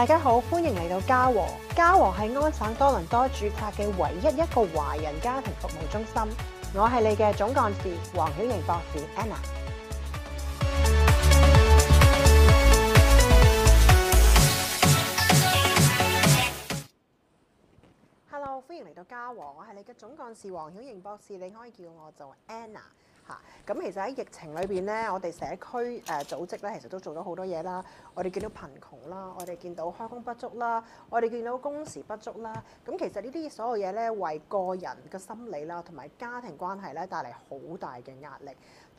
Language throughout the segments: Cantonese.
大家好，歡迎嚟到家和。家和係安省多倫多註冊嘅唯一一個華人家庭服務中心。我係你嘅總幹事黃曉瑩博士 Anna。Hello，歡迎嚟到家和。我係你嘅總幹事黃曉瑩博士，你可以叫我做 Anna。咁其實喺疫情裏邊咧，我哋社區誒組織咧，其實都做咗好多嘢啦。我哋見到貧窮啦，我哋見到開工不足啦，我哋見到工時不足啦。咁其實呢啲所有嘢咧，為個人嘅心理啦，同埋家庭關係咧，帶嚟好大嘅壓力。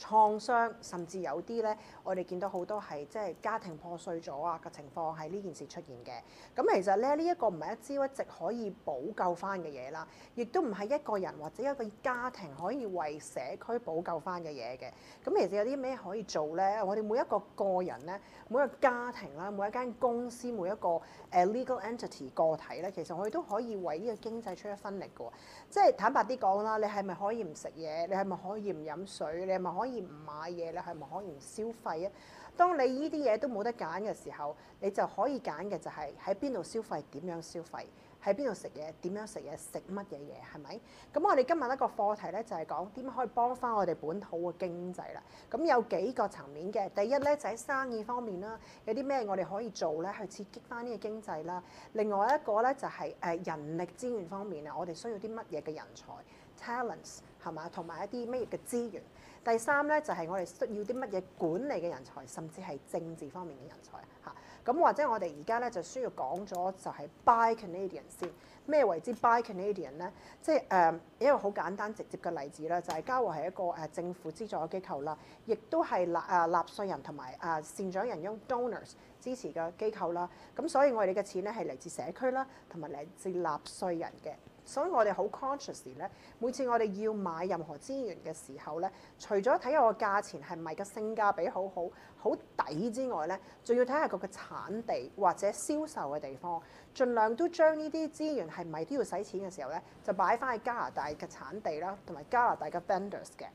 創傷甚至有啲咧，我哋見到好多係即係家庭破碎咗啊嘅情況係呢件事出現嘅。咁其實咧，呢、這個、一個唔係一朝一夕可以補救翻嘅嘢啦，亦都唔係一個人或者一個家庭可以為社區補救翻嘅嘢嘅。咁其實有啲咩可以做呢？我哋每一個個人呢，每一個家庭啦，每一間公司，每一個誒 legal entity 個體呢，其實我哋都可以為呢個經濟出一分力嘅。即係坦白啲講啦，你係咪可以唔食嘢？你係咪可以唔飲水？你係咪可以？可以唔買嘢咧，係咪可以唔消費啊？當你呢啲嘢都冇得揀嘅時候，你就可以揀嘅就係喺邊度消費，點樣消費，喺邊度食嘢，點樣食嘢，食乜嘢嘢，係咪？咁我哋今日一個課題咧，就係、是、講點樣可以幫翻我哋本土嘅經濟啦。咁有幾個層面嘅，第一咧就喺、是、生意方面啦，有啲咩我哋可以做咧去刺激翻呢個經濟啦。另外一個咧就係、是、誒人力資源方面啊，我哋需要啲乜嘢嘅人才，talents。Tal ents, 係嘛？同埋一啲乜嘢嘅資源。第三咧就係、是、我哋需要啲乜嘢管理嘅人才，甚至係政治方面嘅人才嚇。咁、啊、或者我哋而家咧就需要講咗就係 Buy Canadian 先。咩為之 Buy Canadian 咧？即係誒一個好簡單直接嘅例子啦，就係加華係一個誒政府資助嘅機構啦，亦都係納誒納稅人同埋誒善長仁翁 Donors 支持嘅機構啦。咁、啊、所以我哋嘅錢咧係嚟自社區啦，同埋嚟自納稅人嘅。所以我哋好 conscious 咧，每次我哋要買任何資源嘅時候咧，除咗睇下個價錢係咪個性價比好好、好抵之外咧，仲要睇下佢嘅產地或者銷售嘅地方，盡量都將呢啲資源係咪都要使錢嘅時候咧，就擺翻去加拿大嘅產地啦，同埋加拿大嘅 vendors 嘅，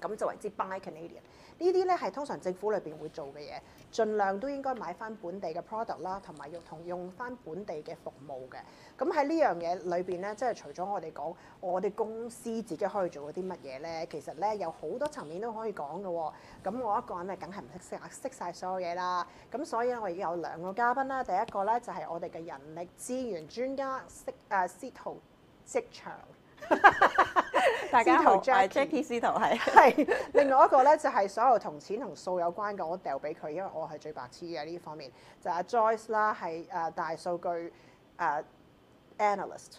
咁就為之 buy Canadian。呢啲咧係通常政府裏邊會做嘅嘢，盡量都應該買翻本地嘅 product 啦，同埋用同用翻本地嘅服務嘅。咁喺呢樣嘢裏邊咧，即係除咗我哋講我哋公司自己可以做啲乜嘢咧，其實咧有好多層面都可以講嘅。咁我一個人咧梗係唔識識啊，識曬所有嘢啦。咁所以咧我已經有兩個嘉賓啦，第一個咧就係我哋嘅人力資源專家，司誒、啊、司徒職場司徒 Jackie, Jackie，司徒係，係 另外一個咧，就係、是、所有同錢同數有關嘅，我掉俾佢，因為我係最白痴嘅呢方面。就阿、是、Joyce 啦，係、呃、誒大數據誒 analyst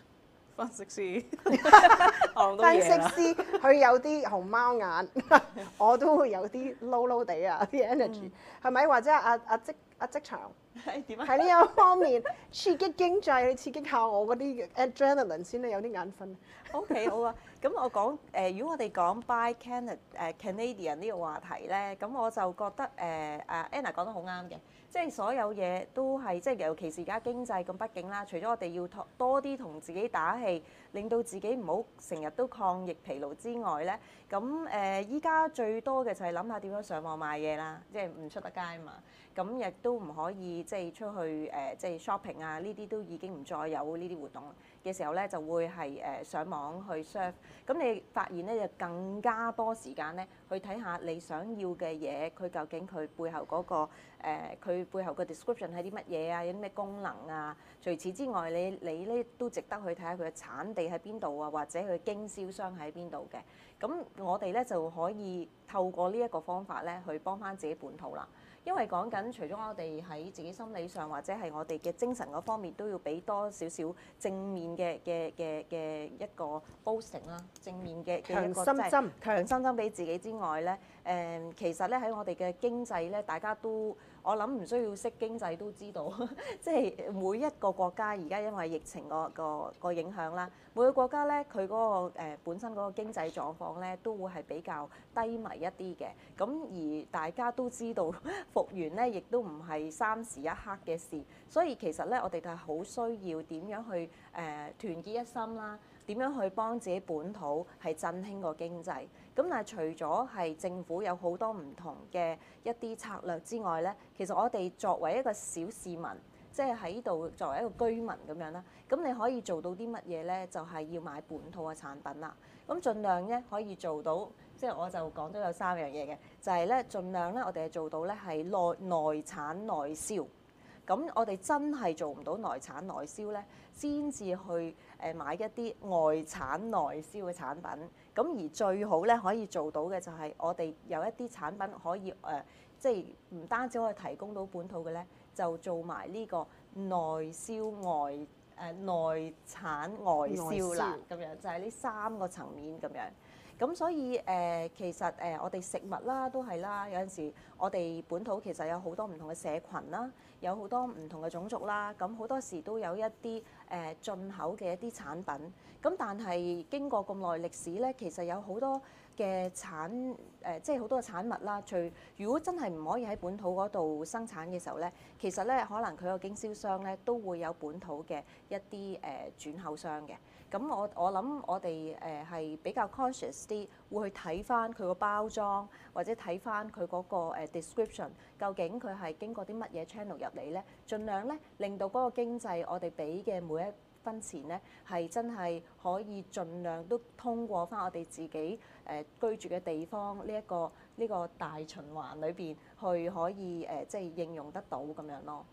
分析師，分析師佢有啲熊貓眼， 我都會有啲 low low 哋啊啲 energy 係咪？ 或者阿阿積阿積場喺呢一方面刺激經濟， 你刺激下我嗰啲 adrenaline 先你有啲眼瞓。OK，好啊。咁、嗯、我講誒、呃，如果我哋講 by Canada、呃、Canadian 呢個話題呢，咁我就覺得誒啊、呃、Anna 講得好啱嘅，即、就、係、是、所有嘢都係即係，就是、尤其是而家經濟咁畢竟啦。除咗我哋要多啲同自己打氣，令到自己唔好成日都抗疫疲勞之外呢，咁誒依家最多嘅就係諗下點樣上網買嘢啦，即係唔出得街嘛。咁亦都唔可以即係出去誒、呃，即係 shopping 啊！呢啲都已經唔再有呢啲活動嘅時候咧，就會係誒、呃、上網去 share。咁你發現咧，就更加多時間咧去睇下你想要嘅嘢，佢究竟佢背後嗰、嗰個佢、呃、背後嘅 description 係啲乜嘢啊？有啲咩功能啊？除此之外，你你咧都值得去睇下佢嘅產地喺邊度啊，或者佢經銷商喺邊度嘅。咁、嗯、我哋咧就可以透過呢一個方法咧去幫翻自己本土啦。因為講緊，除咗我哋喺自己心理上，或者係我哋嘅精神嗰方面，都要俾多少少正面嘅嘅嘅嘅一個 boosting 啦，正面嘅嘅強心針、即係。強心針俾自己之外咧，誒、嗯，其實咧喺我哋嘅經濟咧，大家都我諗唔需要識經濟都知道，即 係每一個國家而家因為疫情個個影響啦，每個國家咧佢嗰個、呃、本身嗰個經濟狀況咧都會係比較低迷一啲嘅。咁而大家都知道。復原咧，亦都唔係三時一刻嘅事，所以其實咧，我哋係好需要點樣去誒、呃、團結一心啦，點樣去幫自己本土係振興個經濟。咁但係除咗係政府有好多唔同嘅一啲策略之外咧，其實我哋作為一個小市民，即係喺度作為一個居民咁樣啦，咁你可以做到啲乜嘢咧？就係、是、要買本土嘅產品啦，咁盡量咧可以做到。即係我就講都有三樣嘢嘅，就係、是、咧，盡量咧，我哋係做到咧係內內產內銷。咁我哋真係做唔到內產內銷咧，先至去誒買一啲外產內銷嘅產品。咁而最好咧可以做到嘅就係我哋有一啲產品可以誒，即係唔單止可以提供到本土嘅咧，就做埋呢個內銷外誒、呃、內產外銷啦。咁燒樣就係、是、呢三個層面咁樣。咁所以誒、呃，其實誒、呃，我哋食物啦，都係啦，有陣時我哋本土其實有好多唔同嘅社群啦，有好多唔同嘅種族啦，咁好多時都有一啲誒、呃、進口嘅一啲產品。咁但係經過咁耐歷史咧，其實有好多嘅產誒、呃，即係好多嘅產物啦。除如果真係唔可以喺本土嗰度生產嘅時候咧，其實咧可能佢個經銷商咧都會有本土嘅一啲誒、呃、轉口商嘅。咁我我諗我哋誒係比較 conscious 啲，會去睇翻佢個包裝，或者睇翻佢嗰個 description，究竟佢係經過啲乜嘢 channel 入嚟咧？盡量咧令到嗰個經濟，我哋俾嘅每一分錢咧，係真係可以盡量都通過翻我哋自己誒、呃、居住嘅地方呢一、這個呢、這個大循環裏邊，去可以誒即係應用得到咁樣咯。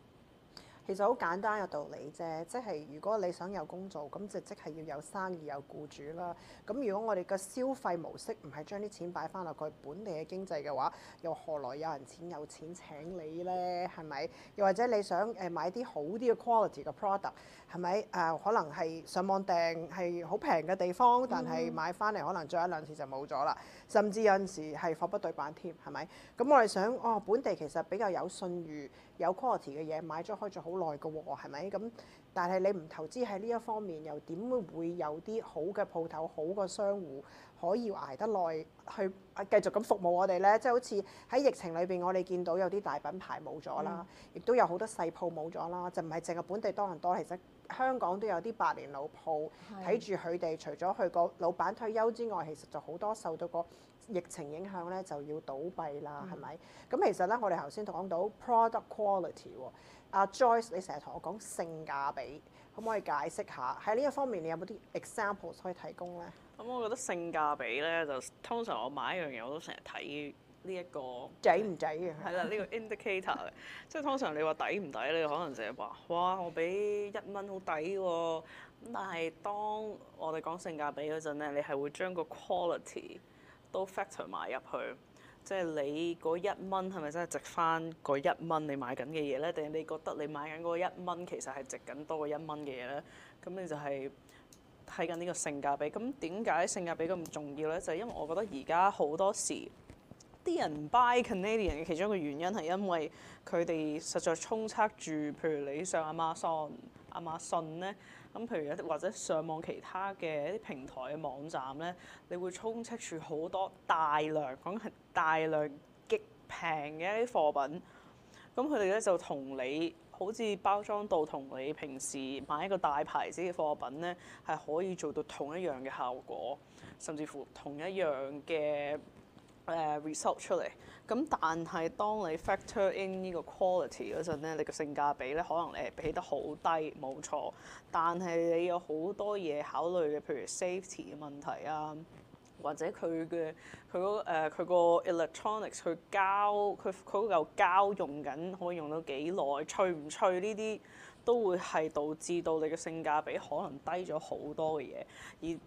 其實好簡單嘅道理啫，即係如果你想有工做，咁就即係要有生意有僱主啦。咁如果我哋嘅消費模式唔係將啲錢擺翻落佢本地嘅經濟嘅話，又何來有人錢有錢請你呢？係咪？又或者你想誒買啲好啲嘅 quality 嘅 product 係咪？誒、呃、可能係上網訂係好平嘅地方，但係買翻嚟可能做一兩次就冇咗啦。甚至有陣時係貨不對版添，係咪？咁我哋想，哦，本地其實比較有信譽、有 quality 嘅嘢買咗開咗好耐嘅喎，係咪？咁。但係你唔投資喺呢一方面，又點會有啲好嘅鋪頭、好嘅商戶可以捱得耐去繼續咁服務我哋呢？即係好似喺疫情裏邊，我哋見到有啲大品牌冇咗啦，亦都、嗯、有好多細鋪冇咗啦。就唔係淨係本地多人多，其實香港都有啲百年老鋪，睇住佢哋除咗去個老闆退休之外，其實就好多受到個。疫情影響咧就要倒閉啦，係咪、嗯？咁其實咧，我哋頭先講到 product quality、啊、Joyce，你成日同我講性價比，可唔可以解釋下喺呢一方面你有冇啲 example 可以提供咧？咁、嗯、我覺得性價比咧就通常我買一樣嘢我都成日睇呢一個抵唔抵嘅，係啦呢個 indicator 嘅。 即係通常你話抵唔抵，你可能成日話哇，我俾一蚊好抵喎。咁但係當我哋講性價比嗰陣咧，你係會將個 quality 都 factor 埋入去，即係你嗰一蚊係咪真係值翻嗰一蚊你買緊嘅嘢咧？定係你覺得你買緊嗰一蚊其實係值緊多過一蚊嘅嘢咧？咁你就係睇緊呢個性價比。咁點解性價比咁重要咧？就係因為我覺得而家好多時。啲人 buy Canadian 嘅其中一個原因係因為佢哋實在充斥住，譬如你上 Amazon, Amazon、Amazon 咧，咁譬如有或者上網其他嘅一啲平台嘅網站咧，你會充斥住好多大量講係大量極平嘅一啲貨品，咁佢哋咧就同你好似包裝到同你平時買一個大牌子嘅貨品咧，係可以做到同一樣嘅效果，甚至乎同一樣嘅。誒、uh, result 出嚟，咁但係當你 factor in 呢個 quality 嗰陣咧，你個性價比咧可能你係比得好低，冇錯。但係你有好多嘢考慮嘅，譬如 safety 嘅問題啊，或者佢嘅佢嗰個 electronics 佢膠佢佢嗰嚿膠用緊可以用到幾耐，脆唔脆呢啲都會係導致到你嘅性價比可能低咗好多嘅嘢而。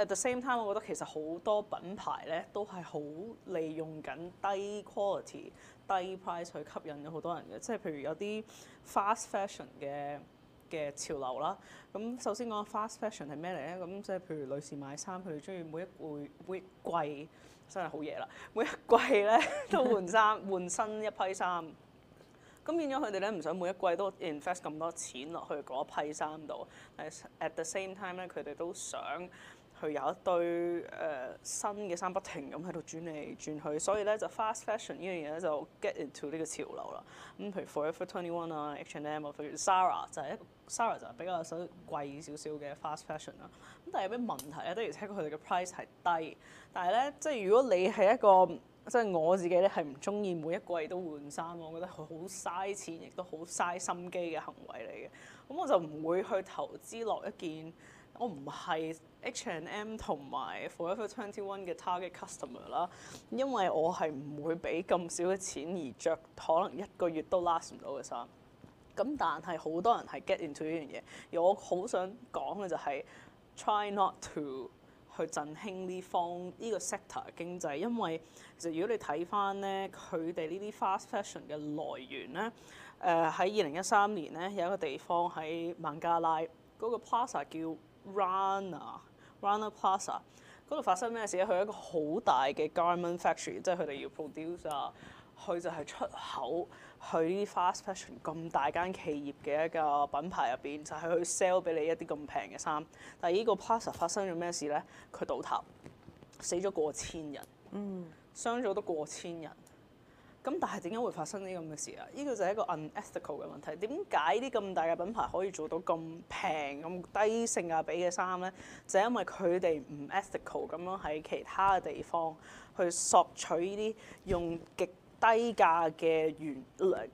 at the same time，我覺得其實好多品牌咧都係好利用緊低 quality、低 price 去吸引咗好多人嘅，即係譬如有啲 fast fashion 嘅嘅潮流啦。咁首先講 fast fashion 係咩嚟咧？咁即係譬如女士買衫，佢哋中意每一季每季真係好嘢啦，每一季咧都換衫 換新一批衫。咁變咗佢哋咧唔想每一季都 invest 咁多錢落去嗰批衫度，at at the same time 咧佢哋都想。佢有一堆誒、呃、新嘅衫，不停咁喺度轉嚟轉去，所以咧就 fast fashion 呢樣嘢咧就 get into 呢個潮流啦。咁譬如 Forever Twenty One 啊、H and M 啊，譬如 Zara 就係一個 Zara 就係比較稍貴少少嘅 fast fashion 啦。咁但係有咩問題咧？ 的而且確佢哋嘅 price 係低，但係咧即係如果你係一個即係我自己咧係唔中意每一季都換衫，我覺得佢好嘥錢，亦都好嘥心機嘅行為嚟嘅。咁我就唔會去投資落一件我唔係。H and M 同埋 Forever Twenty One 嘅 target customer 啦，因為我係唔會俾咁少嘅錢而着可能一個月都 last 唔到嘅衫。咁但係好多人係 get into 呢樣嘢。而我好想講嘅就係 try not to 去振興呢方呢個 sector 經濟，因為其實如果你睇翻咧佢哋呢啲 fast fashion 嘅來源咧，誒喺二零一三年咧有一個地方喺孟加拉嗰個 plaza 叫 Rana。Rana Plaza 嗰度發生咩事咧？佢一個好大嘅 Garment Factory，即係佢哋要 produce 啊，佢就係出口佢啲 fast fashion 咁大間企業嘅一個品牌入邊，就係去 sell 俾你一啲咁平嘅衫。但係呢個 Plaza 發生咗咩事咧？佢倒塌，死咗過千人，傷咗都過千人。咁但係點解會發生呢咁嘅事啊？呢個就係一個 unethical 嘅問題。點解啲咁大嘅品牌可以做到咁平、咁低性價比嘅衫呢？就係因為佢哋唔 ethical 咁樣喺其他嘅地方去索取呢啲用極低價嘅原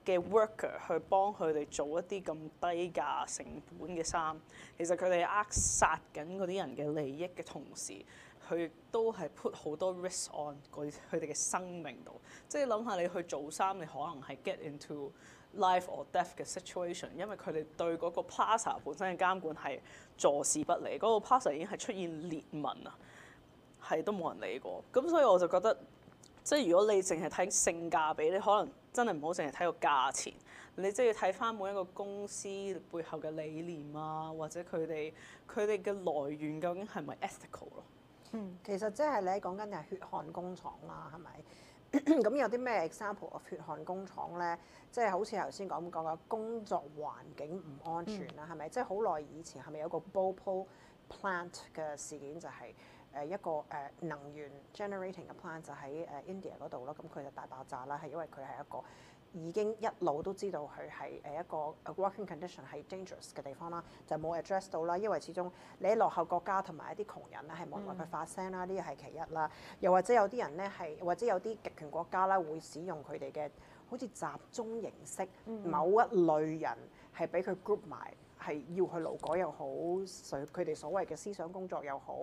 嘅 worker 去幫佢哋做一啲咁低價成本嘅衫。其實佢哋扼殺緊嗰啲人嘅利益嘅同時，佢都係 put 好多 risk on 佢哋嘅生命度，即係諗下你去做衫，你可能係 get into life or death 嘅 situation，因為佢哋對嗰個 plaza 本身嘅監管係坐視不理，嗰、嗰個 plaza 已經係出現裂紋啊，係都冇人理過。咁所以我就覺得，即係如果你淨係睇性價比，你可能真係唔好淨係睇個價錢，你即係要睇翻每一個公司背後嘅理念啊，或者佢哋佢哋嘅來源究竟係咪 ethical 咯。嗯，其實即係你講緊係血汗工廠啦，係咪？咁 有啲咩 example of 血汗工廠咧？即係好似頭先講講嘅工作環境唔安全啦，係咪？即係好耐以前係咪有個 Bhopal plant 嘅事件，就係誒一個誒能源 generating 嘅 plant 就喺誒 India 嗰度咯，咁佢就大爆炸啦，係因為佢係一個，已經一路都知道佢係誒一個 working condition 係 dangerous 嘅地方啦，就冇 address 到啦。因為始終你喺落後國家同埋一啲窮人咧，係冇人為佢發聲啦。呢個係、嗯、其一啦，又或者有啲人咧係，或者有啲極權國家啦，會使用佢哋嘅好似集中形式，嗯嗯，某一類人係俾佢 group 埋。係要去勞改又好，佢哋所謂嘅思想工作又好，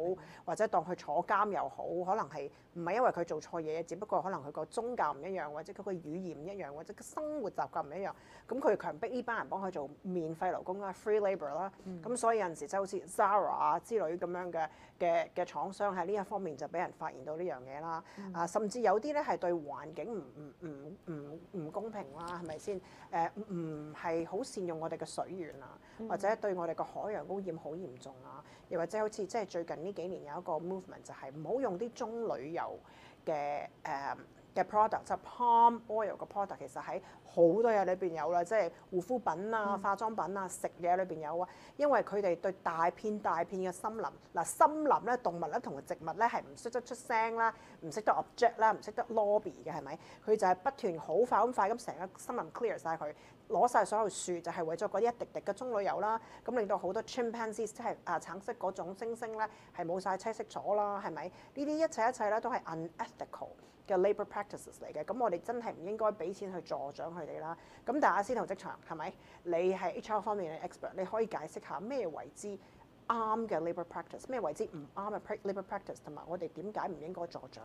或者當佢坐監又好，可能係唔係因為佢做錯嘢，只不過可能佢個宗教唔一樣，或者佢個語言唔一樣，或者佢生活習慣唔一樣，咁佢強迫呢班人幫佢做免費勞工啦，free labor 啦、嗯，咁所以有陣時即係好似 Zara 之類咁樣嘅嘅嘅廠商喺呢一方面就俾人發現到呢樣嘢啦，嗯、啊，甚至有啲咧係對環境唔唔唔唔唔公平啦，係咪先？誒唔係好善用我哋嘅水源啊。嗯或者對我哋個海洋污染好嚴重啊！又或者好似即係最近呢幾年有一個 movement 就係唔好用啲棕油嘅誒嘅 product，即係 palm oil 嘅 product，其實喺好多嘢裏邊有啦、啊，即係護膚品啊、化妝品啊、食嘢裏邊有啊。因為佢哋對大片大片嘅森林，嗱、啊、森林咧動物咧同個植物咧係唔識得出聲啦，唔識得 object 啦，唔識得 lobby 嘅係咪？佢就係不斷好快咁快咁成個森林 clear 晒佢。攞晒所有樹就係為咗嗰啲一滴滴嘅棕櫚油啦，咁令到好多 chimpanzees 即係啊橙色嗰種猩猩咧係冇晒棲息咗啦，係咪？呢啲一切一切咧都係 unethical 嘅 labour practices 嚟嘅，咁我哋真係唔應該俾錢去助長佢哋啦。咁但係阿司徒職場係咪？你係 HR 方面嘅 expert，你可以解釋下咩為之啱嘅 labour practice，咩為之唔啱嘅 labour practice，同埋我哋點解唔應該助長？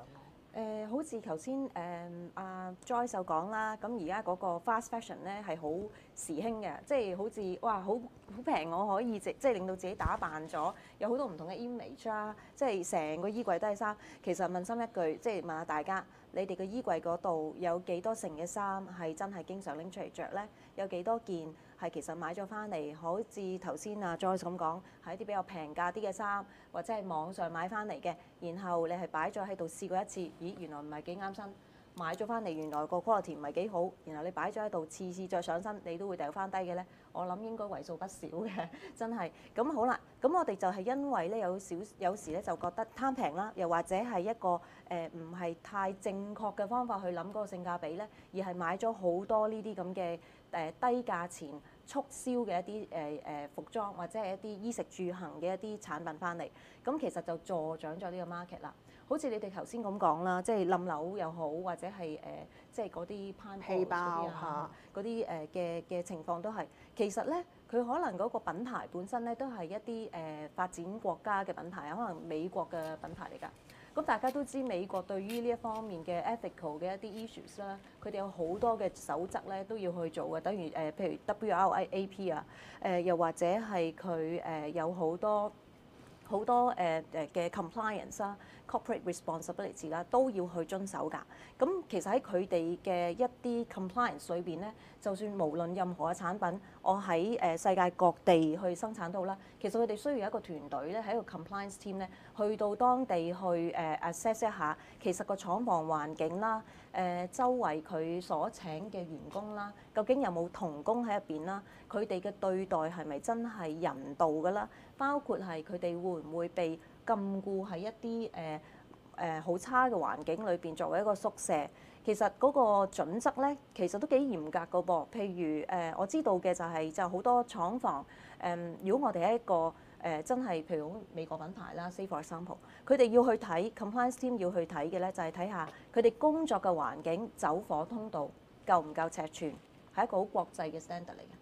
誒、呃、好似頭先誒阿 Joy 就講啦，咁而家嗰個 fast fashion 咧係好時興嘅，即係好似哇好好平，我可以即即係令到自己打扮咗，有好多唔同嘅 image 啦、啊，即係成個衣櫃都係衫。其實問心一句，即係問下大家，你哋嘅衣櫃嗰度有幾多成嘅衫係真係經常拎出嚟着咧？有幾多件？係其實買咗翻嚟，好似頭先啊，Joyce 咁講，係一啲比較平價啲嘅衫，或者係網上買翻嚟嘅，然後你係擺咗喺度試過一次，咦原來唔係幾啱身，買咗翻嚟原來個 quality 唔係幾好，然後你擺咗喺度，次次再上身你都會掉翻低嘅咧，我諗應該為數不少嘅，真係。咁好啦，咁我哋就係因為咧有少有時咧就覺得貪平啦，又或者係一個誒唔係太正確嘅方法去諗嗰個性價比咧，而係買咗好多呢啲咁嘅。誒、呃、低價錢促銷嘅一啲誒誒服裝，或者係一啲衣食住行嘅一啲產品翻嚟，咁其實就助長咗呢個 market 啦。好似你哋頭先咁講啦，即係冧樓又好，或者係誒、呃、即係嗰啲攀比、嚇嗰啲誒嘅嘅情況都係。其實咧，佢可能嗰個品牌本身咧都係一啲誒、呃、發展國家嘅品牌啊，可能美國嘅品牌嚟㗎。咁大家都知美國對於呢一方面嘅 ethical 嘅一啲 issues 啦，佢哋有好多嘅守則咧都要去做嘅，等於誒、呃、譬如 WRIA P 啊，誒、呃、又或者係佢誒有好多好多誒誒嘅 compliance 啦。呃 Corporate responsibility 啦，都要去遵守㗎。咁其實喺佢哋嘅一啲 compliance 裏邊咧，就算無論任何嘅產品，我喺誒世界各地去生產都好啦，其實佢哋需要一個團隊咧，喺一個 compliance team 咧，去到當地去誒 assess 一下，其實個廠房環境啦，誒、呃、周圍佢所請嘅員工啦，究竟有冇童工喺入邊啦？佢哋嘅對待係咪真係人道㗎啦？包括係佢哋會唔會被禁錮喺一啲誒誒好差嘅環境裏邊，作為一個宿舍。其實嗰個準則咧，其實都幾嚴格個噃。譬如誒，我知道嘅就係就好多廠房誒。如果我哋係一個誒真係譬如好美國品牌啦，say for example，佢哋要去睇 compliance team 要去睇嘅咧，就係睇下佢哋工作嘅環境，走火通道夠唔夠尺寸，係一個好國際嘅 standard 嚟嘅。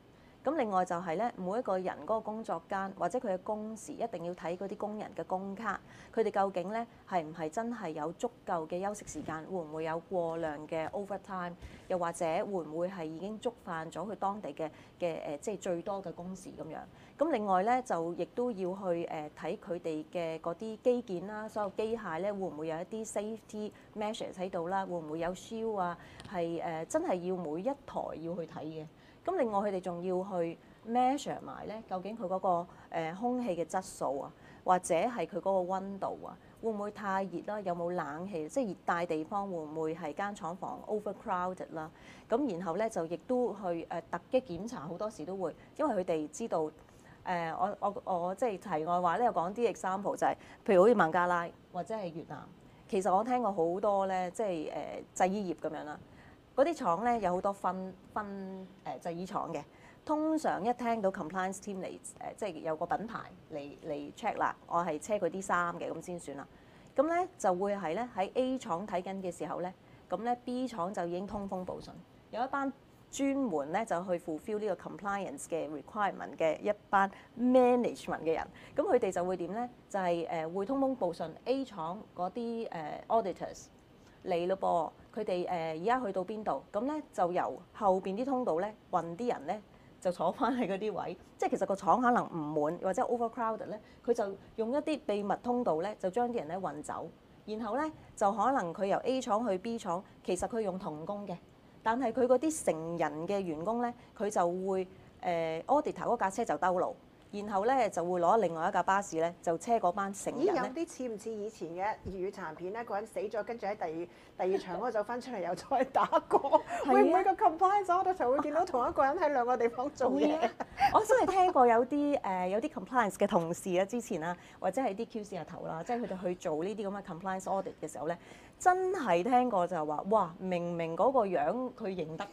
咁另外就係咧，每一個人嗰個工作間或者佢嘅工時，一定要睇嗰啲工人嘅工卡，佢哋究竟咧係唔係真係有足夠嘅休息時間，會唔會有過量嘅 overtime，又或者會唔會係已經觸犯咗佢當地嘅嘅誒即係最多嘅工時咁樣？咁另外咧就亦都要去誒睇佢哋嘅嗰啲基建啦，所有機械咧會唔會有一啲 safety measures 喺度啦？會唔會有 show 啊？係、呃、誒真係要每一台要去睇嘅。咁另外佢哋仲要去 measure 埋咧，究竟佢嗰個誒空氣嘅質素啊，或者係佢嗰個温度啊，會唔會太熱啦？有冇冷氣，即係熱帶地方會唔會係間廠房 overcrowded 啦？咁然後咧就亦都去誒突擊檢查，好多時都會，因為佢哋知道誒、呃、我我我即係題外話咧，講啲 example 就係、是、譬如好似孟加拉或者係越南，其實我聽過好多咧，即係誒、呃、製衣業咁樣啦。嗰啲廠咧有好多分分誒製、呃、衣廠嘅，通常一聽到 compliance team 嚟誒、呃，即係有個品牌嚟嚟 check 啦，我係車佢啲衫嘅，咁先算啦。咁、嗯、咧就會係咧喺 A 廠睇緊嘅時候咧，咁、嗯、咧 B 廠就已經通風報信。有一班專門咧就去 fulfill 呢個 compliance 嘅 requirement 嘅一班 management 嘅人，咁佢哋就會點咧？就係、是、誒、呃、會通風報信、嗯、A 廠嗰啲誒 auditors 嚟咯噃。呃佢哋誒而家去到邊度？咁咧就由後邊啲通道咧運啲人咧就坐翻去嗰啲位，即係其實個廠可能唔滿或者 overcrowded 咧，佢就用一啲秘密通道咧就將啲人咧運走，然後咧就可能佢由 A 廠去 B 廠，其實佢用童工嘅，但係佢嗰啲成人嘅員工咧，佢就會誒、呃、auditor 嗰架車就兜路。然後咧就會攞另外一架巴士咧，就車嗰班成人咧。咦，有啲似唔似以前嘅粵語殘片咧？個人死咗，跟住喺第二第二場嗰度走翻出嚟，又再打過。啊、會唔會個 compliance audit 時候會見到同一個人喺兩個地方做嘢、啊？我真係聽過有啲誒、 呃、有啲 compliance 嘅同事咧，之前啦，或者係啲 QC 阿頭啦，即係佢哋去做呢啲咁嘅 compliance audit 嘅時候咧，真係聽過就係話，哇！明明嗰個樣佢認得，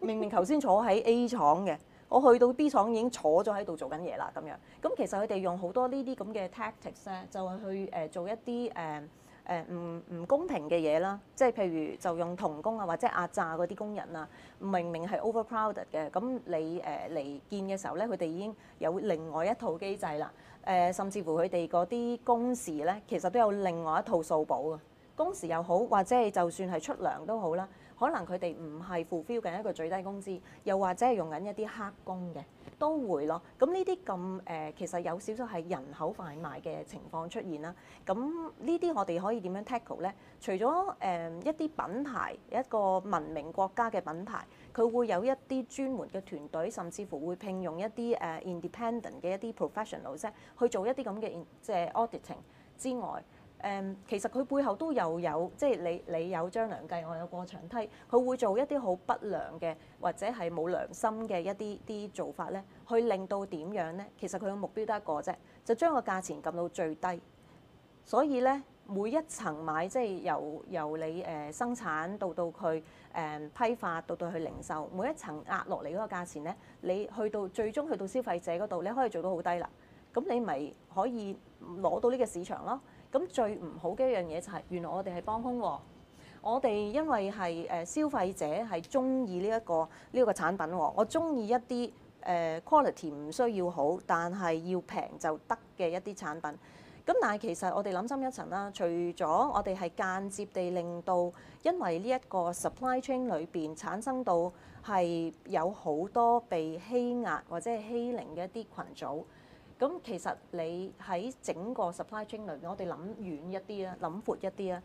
明明頭先坐喺 A 廠嘅。 我去到 B 廠已經坐咗喺度做緊嘢啦，咁樣。咁其實佢哋用好多呢啲咁嘅 tactics 咧，就係去誒做一啲誒誒唔唔公平嘅嘢啦。即係譬如就用童工啊，或者壓榨嗰啲工人啊。明明係 overcrowded 嘅，咁你誒嚟見嘅時候咧，佢哋已經有另外一套機制啦。誒、呃，甚至乎佢哋嗰啲工時咧，其實都有另外一套數補嘅。工時又好，或者係就算係出糧都好啦。可能佢哋唔係 fulfill 緊一個最低工資，又或者係用緊一啲黑工嘅，都會咯。咁呢啲咁誒其實有少少係人口販賣嘅情況出現啦。咁呢啲我哋可以點樣 tackle 咧？除咗誒、呃、一啲品牌，一個文明國家嘅品牌，佢會有一啲專門嘅團隊，甚至乎會聘用一啲誒、呃、independent 嘅一啲 professional 啫，去做一啲咁嘅即係、就是、auditing 之外。誒、嗯，其實佢背後都又有，即係你你有張良計，我有過牆梯。佢會做一啲好不良嘅或者係冇良心嘅一啲啲做法咧，去令到點樣咧？其實佢嘅目標得一個啫，就將個價錢撳到最低。所以咧，每一層買即係由由你誒生產到到佢誒、嗯、批發到到佢零售，每一層壓落嚟嗰個價錢咧，你去到最終去到消費者嗰度，你可以做到好低啦。咁你咪可以攞到呢個市場咯。咁最唔好嘅一樣嘢就係，原來我哋係幫兇喎！我哋因為係誒消費者係中意呢一個呢個產品喎，我中意一啲誒、呃、quality 唔需要好，但係要平就得嘅一啲產品。咁但係其實我哋諗深一層啦，除咗我哋係間接地令到，因為呢一個 supply chain 裏邊產生到係有好多被欺壓或者係欺凌嘅一啲群組。咁其實你喺整個 supply chain 裏邊，我哋諗遠一啲啊，諗闊一啲啊。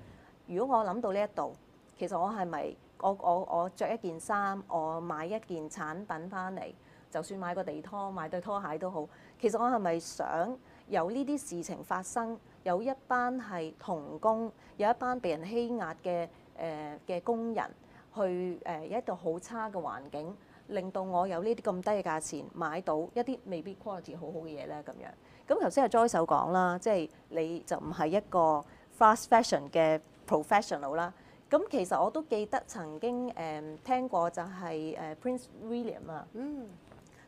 如果我諗到呢一度，其實我係咪我我我著一件衫，我買一件產品翻嚟，就算買個地拖、買對拖鞋都好，其實我係咪想有呢啲事情發生？有一班係童工，有一班被人欺壓嘅誒嘅工人，去誒、呃、一啲好差嘅環境。令到我有呢啲咁低嘅價錢買到一啲未必 quality 好好嘅嘢咧，咁樣。咁頭先 Joyce 手講啦，即係你就唔係一個 fast fashion 嘅 professional 啦。咁其實我都記得曾經誒、嗯、聽過就係誒 Prince William 啊，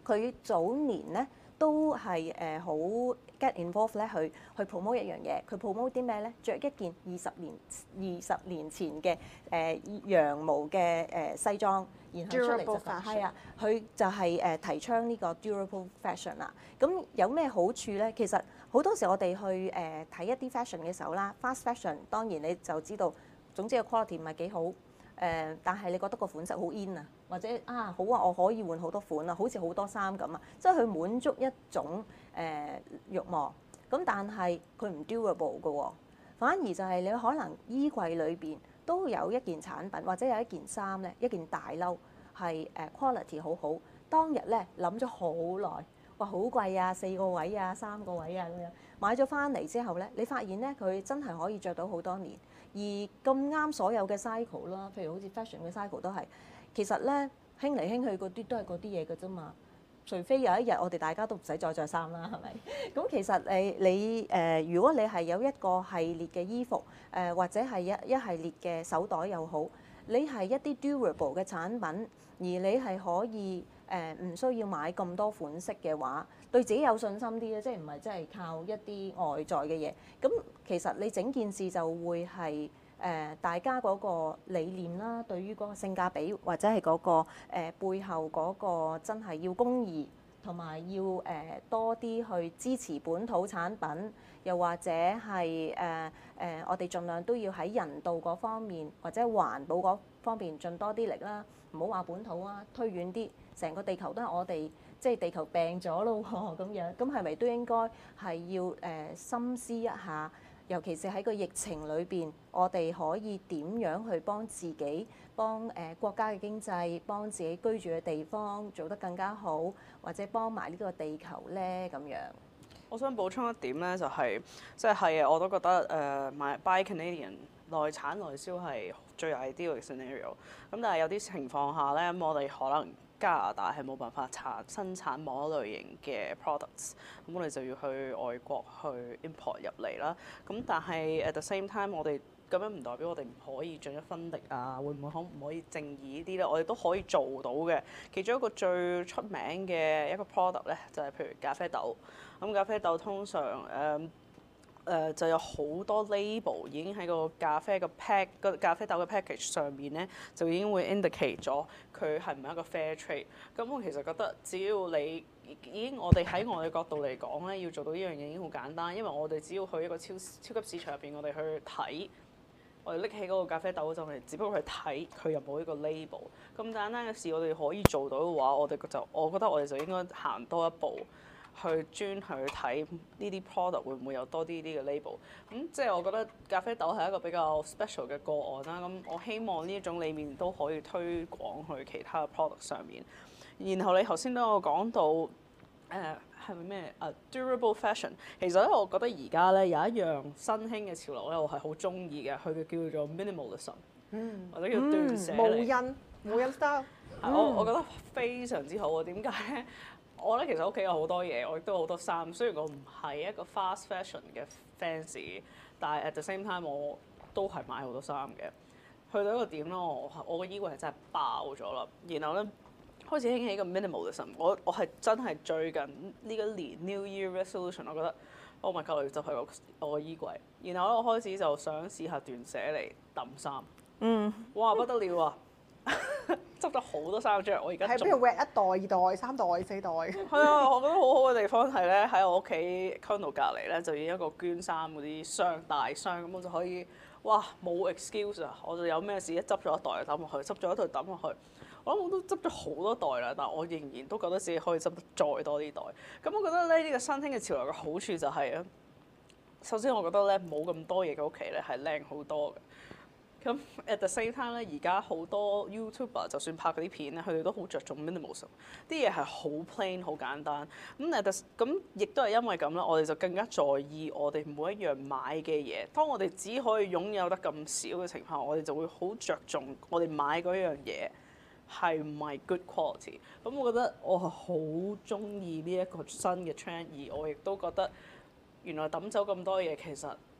佢、嗯、早年咧。都係誒好 get involved 咧，去去 promote 一樣嘢。佢 promote 啲咩咧？着一件二十年二十年前嘅誒、呃、羊毛嘅誒、呃、西裝，然後出嚟就係啊，佢就係誒提倡呢個 durable fashion 啦。咁有咩好處咧？其實好多時我哋去誒睇、呃、一啲 fashion 嘅時候啦，fast fashion 當然你就知道，總之個 quality 唔係幾好。誒、呃，但係你覺得個款式好 in 啊！或者啊好啊，我可以換好多款啊，好似好多衫咁啊，即係佢滿足一種誒慾望。咁、呃、但係佢唔 durable 嘅喎，反而就係你可能衣櫃裏邊都有一件產品或者有一件衫咧，一件大褸係誒 quality 好好。當日咧諗咗好耐，話好貴啊，四個位啊，三個位啊咁樣買咗翻嚟之後咧，你發現咧佢真係可以着到好多年，而咁啱所有嘅 cycle 啦，譬如好似 fashion 嘅 cycle 都係。其實咧，興嚟興去嗰啲都係嗰啲嘢嘅啫嘛。除非有一日我哋大家都唔使再着衫啦，係咪？咁、 嗯、其實誒你誒、呃，如果你係有一個系列嘅衣服，誒、呃、或者係一一系列嘅手袋又好，你係一啲 durable 嘅產品，而你係可以誒唔、呃、需要買咁多款式嘅話，對自己有信心啲咧，即係唔係真係靠一啲外在嘅嘢？咁、嗯、其實你整件事就會係。誒、呃、大家嗰個理念啦，對於嗰個性價比或者係嗰、嗰個、呃、背後嗰個真係要公義，同埋要誒、呃、多啲去支持本土產品，又或者係誒誒我哋盡量都要喺人道嗰方面或者環保嗰方面盡多啲力啦。唔好話本土啊，推遠啲，成個地球都係我哋即係地球病咗咯喎，咁樣咁係咪都應該係要誒、呃、深思一下？尤其是喺個疫情裏邊，我哋可以點樣去幫自己、幫誒國家嘅經濟、幫自己居住嘅地方做得更加好，或者幫埋呢個地球呢？咁樣。我想補充一點呢、就係，就係即係我都覺得誒買、uh, Buy Canadian 內內產內銷係最 ideal 嘅 scenario。咁但係有啲情況下呢，dic, 我哋可能。加拿大係冇辦法產生產某一類型嘅 products，咁我哋就要去外國去 import 入嚟啦。咁但係 at the same time 我哋咁樣唔代表我哋唔可以盡一分力啊？會唔會可唔可以正義啲咧？我哋都可以做到嘅。其中一個最出名嘅一個 product 咧，就係譬如咖啡豆。咁咖啡豆通常誒。嗯誒、uh, 就有好多 label 已經喺個咖啡個 pack 個咖啡豆嘅 package 上面咧，就已經會 indicate 咗佢係唔係一個 fair trade。咁我其實覺得，只要你已經我哋喺我哋角度嚟講咧，要做到呢樣嘢已經好簡單，因為我哋只要去一個超超級市場入邊，我哋去睇，我哋拎起嗰個咖啡豆嗰陣，嚟只不過去睇佢有冇一個 label。咁簡單嘅事，我哋可以做到嘅話，我哋就我覺得我哋就應該行多一步。去專去睇呢啲 product 會唔會有多啲呢啲嘅 label？咁即係我覺得咖啡豆係一個比較 special 嘅個案啦。咁我希望呢一種裡面都可以推廣去其他嘅 product 上面。然後你頭先都有講到誒係咪咩誒 durable fashion。其實咧，我覺得而家咧有一樣新興嘅潮流咧，我係好中意嘅，佢嘅叫做 minimalism，嗯，或者叫斷捨離。冇印冇印 style，我我覺得非常之好啊！點解咧？我咧其實屋企有好多嘢，我亦都有好多衫。雖然我唔係一個 fast fashion 嘅 fans，但係 at the same time 我都係買好多衫嘅。去到一個點咯，我我個衣櫃係真係爆咗啦。然後咧開始興起一個 minimalism，我我係真係最近呢個年 New Year Resolution，我覺得我咪 oh my god 就我個衣櫃。然後咧我開始就想試下斷捨離揼衫。嗯，哇不得了啊！ 執咗好多衫出嚟，我而家喺邊度揀一袋、二袋、三袋、四袋。係 啊，我覺得好好嘅地方係咧，喺我屋企 condo 隔離咧，就已經一個捐衫嗰啲箱大箱，咁我就可以哇冇 excuse 啊！我就有咩事一執咗一袋就抌落去，執咗一袋抌落去。我諗我都執咗好多袋啦，但係我仍然都覺得自己可以執得再多啲袋。咁我覺得咧呢個新興嘅潮流嘅好處就係啊，首先我覺得咧冇咁多嘢嘅屋企咧係靚好多嘅。咁 at the same time 咧，而家好多 YouTuber 就算拍嗰啲片咧，佢哋都好着重 minimalism，啲嘢係好 plain 好簡單。咁、嗯、at the 咁亦都係因為咁啦，我哋就更加在意我哋每一樣買嘅嘢。當我哋只可以擁有得咁少嘅情況，我哋就會好着重我哋買嗰樣嘢係唔係 good quality。咁、嗯、我覺得我係好中意呢一個新嘅 trend，而我亦都覺得原來抌走咁多嘢其實。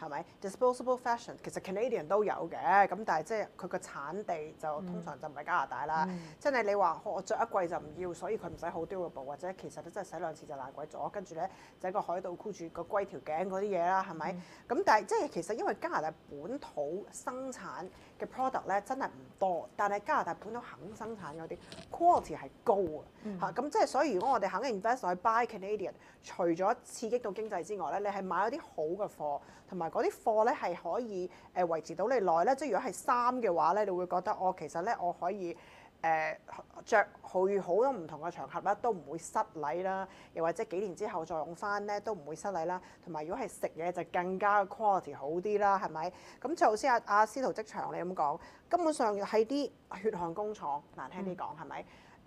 係咪？Disposable fashion 其實 Canadian 都有嘅，咁但係即係佢個產地就、mm. 通常就唔係加拿大啦。真係、mm. 你話我着一季就唔要，所以佢唔使好 durable。或者其實都真係洗兩次就爛鬼咗，跟住咧就喺個海度箍住個龜條頸嗰啲嘢啦，係咪？咁、mm. 但係即係其實因為加拿大本土生產嘅 product 咧真係唔多，但係加拿大本土肯生產嗰啲 quality 係高、嗯、啊嚇，咁即係所以如果我哋肯 invest 去 buy Canadian，除咗刺激到經濟之外咧，你係買咗啲好嘅貨同埋嗰啲貨咧係可以誒維持到你耐咧，即係如果係衫嘅話咧，你會覺得哦其實咧我可以。誒著去好多唔同嘅場合咧，都唔會失禮啦，又或者幾年之後再用翻咧，都唔會失禮啦。同埋，如果係食嘢就更加 quality 好啲啦，係咪？咁就好似阿阿司徒職場你咁講，根本上係啲血汗工廠，嗯、難聽啲講係咪？誒、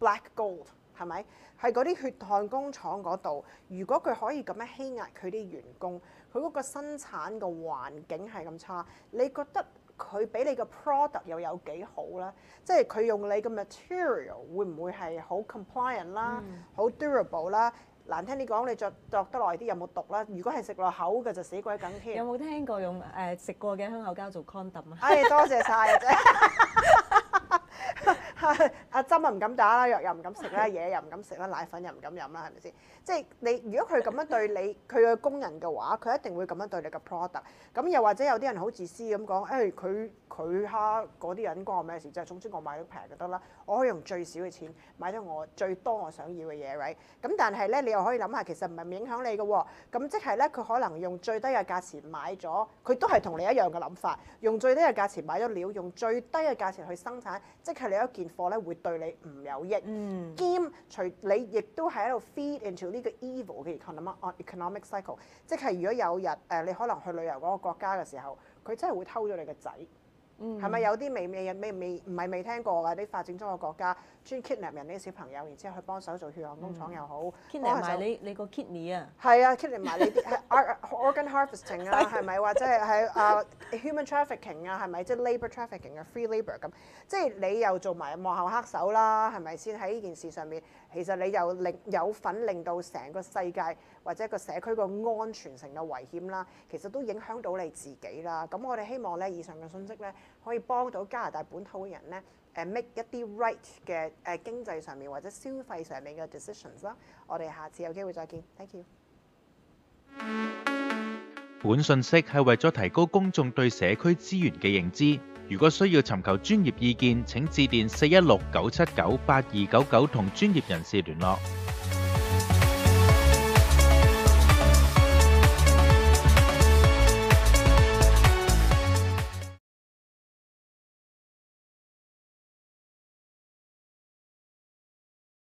uh，Black Gold 係咪？係嗰啲血汗工廠嗰度，如果佢可以咁樣欺壓佢啲員工，佢嗰個生產嘅環境係咁差，你覺得？佢俾你個 product 又有幾好啦？即係佢用你嘅 material 會唔會係好 compliant 啦、嗯、好 durable 啦？難聽啲講，你着著得耐啲有冇毒啦？如果係食落口嘅就死鬼梗添。有冇聽過用誒食、呃、過嘅香口膠做 condom 啊？ 哎，多謝晒。 阿針又唔敢打啦，藥又唔敢食啦，嘢又唔敢食啦，奶粉又唔敢飲啦，係咪先？即係你如果佢咁樣對你佢嘅工人嘅話，佢一定會咁樣對你嘅 product。咁又或者有啲人好自私咁講，誒佢佢蝦嗰啲人關我咩事？即係總之我買咗平就得啦，我可以用最少嘅錢買到我最多我想要嘅嘢。咁但係咧，你又可以諗下，其實唔係影響你嘅喎。咁即係咧，佢可能用最低嘅價錢買咗，佢都係同你一樣嘅諗法，用最低嘅價錢買咗料，用最低嘅價錢去生產，即係你一件貨咧會。對你唔有益，嗯、兼除你亦都係喺度 feed into 呢個 evil 嘅 economic economic cycle，即係如果有日誒、呃，你可能去旅遊嗰個國家嘅時候，佢真係會偷咗你個仔，係咪、嗯、有啲未未未未唔係未，未，未，未聽過嘅啲發展中國家專 kidnap 人啲小朋友，然之後去幫手做血汗工廠又好，Kidnap 埋你你個 Kidney 啊，係啊，Kidnap 埋你啲啊。 harvesting 啊，係咪，或者係喺啊 human trafficking 啊，係咪，即係 labor trafficking 啊，free labor 咁，即係你又做埋幕後黑手啦，係咪先，喺呢件事上面，其實你又令有份令到成個世界或者個社區個安全成個危險啦，其實都影響到你自己啦。咁我哋希望咧，以上嘅信息咧，可以幫到加拿大本土嘅人咧，誒 make 一啲 right 嘅誒經濟上面或者消費上面嘅 decisions 啦。我哋下次有機會再見，thank you。本信息係為咗提高公眾對社區資源嘅認知。如果需要尋求專業意見，請致電四一六九七九八二九九同專業人士聯絡。